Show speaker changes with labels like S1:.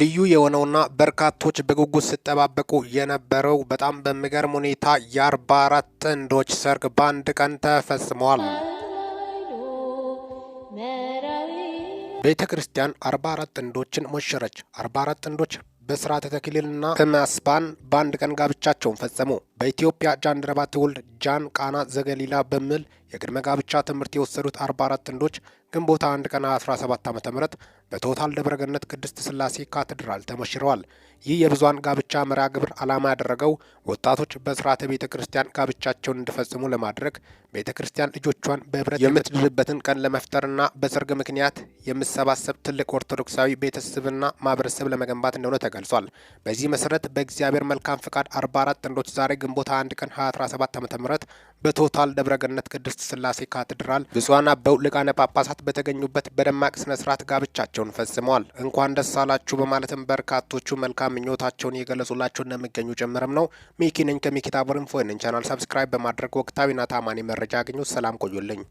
S1: ልዩ የሆነውና በርካቶች በጉጉት ሲጠባበቁ የነበረው በጣም በሚገርም ሁኔታ የአርባ አራት ጥንዶች ሰርግ በአንድ ቀን ተፈጽሟል። ቤተ ክርስቲያን አርባ አራት ጥንዶችን ሞሸረች። አርባ አራት ጥንዶች በስርዓተ ተክሊልና ተማስባን በአንድ ቀን ጋብቻቸውን ፈጸሙ። በኢትዮጵያ ጃንደረባ ትውልድ ጃን ቃና ዘገሊላ በሚል የቅድመ ጋብቻ ትምህርት የወሰዱት 44 ጥንዶች ግንቦት 1 ቀን ዓ ም በቶታል ደብረገነት ቅድስት ስላሴ ካቴድራል ተመሽረዋል። ይህ የብዙሃን ጋብቻ መርሃ ግብር ዓላማ ያደረገው ወጣቶች በስርዓተ ቤተ ክርስቲያን ጋብቻቸውን እንዲፈጽሙ ለማድረግ ቤተ ክርስቲያን ልጆቿን በህብረት
S2: የምትድርበትን ቀን ለመፍጠርና በሰርግ ምክንያት የምሰባሰብ ትልቅ ኦርቶዶክሳዊ ቤተሰብና ማህበረሰብ ለመገንባት እንደሆነ ተገልጿል። በዚህ መሰረት በእግዚአብሔር መልካም ፍቃድ 44 ጥንዶች ዛሬ ግንቦት 1 ቀን 2017 ዓ.ም በቶታል ደብረገነት ቅድስት ስላሴ ካቴድራል ብፁዓን አበው ሊቃነ ጳጳሳት በተገኙበት በደማቅ ስነ ስርዓት ጋብቻቸውን ፈጽመዋል። እንኳን ደስ አላችሁ በማለትም በርካቶቹ መልካም ምኞታቸውን እየገለጹላቸው እንደሚገኙ ጭምርም ነው። ሚኪ ነኝ ከሚኪታቦር ኢንፎ። ቻናል ሰብስክራይብ በማድረግ ወቅታዊና ታማኒ መረጃ አግኙ። ሰላም ቆዩልኝ።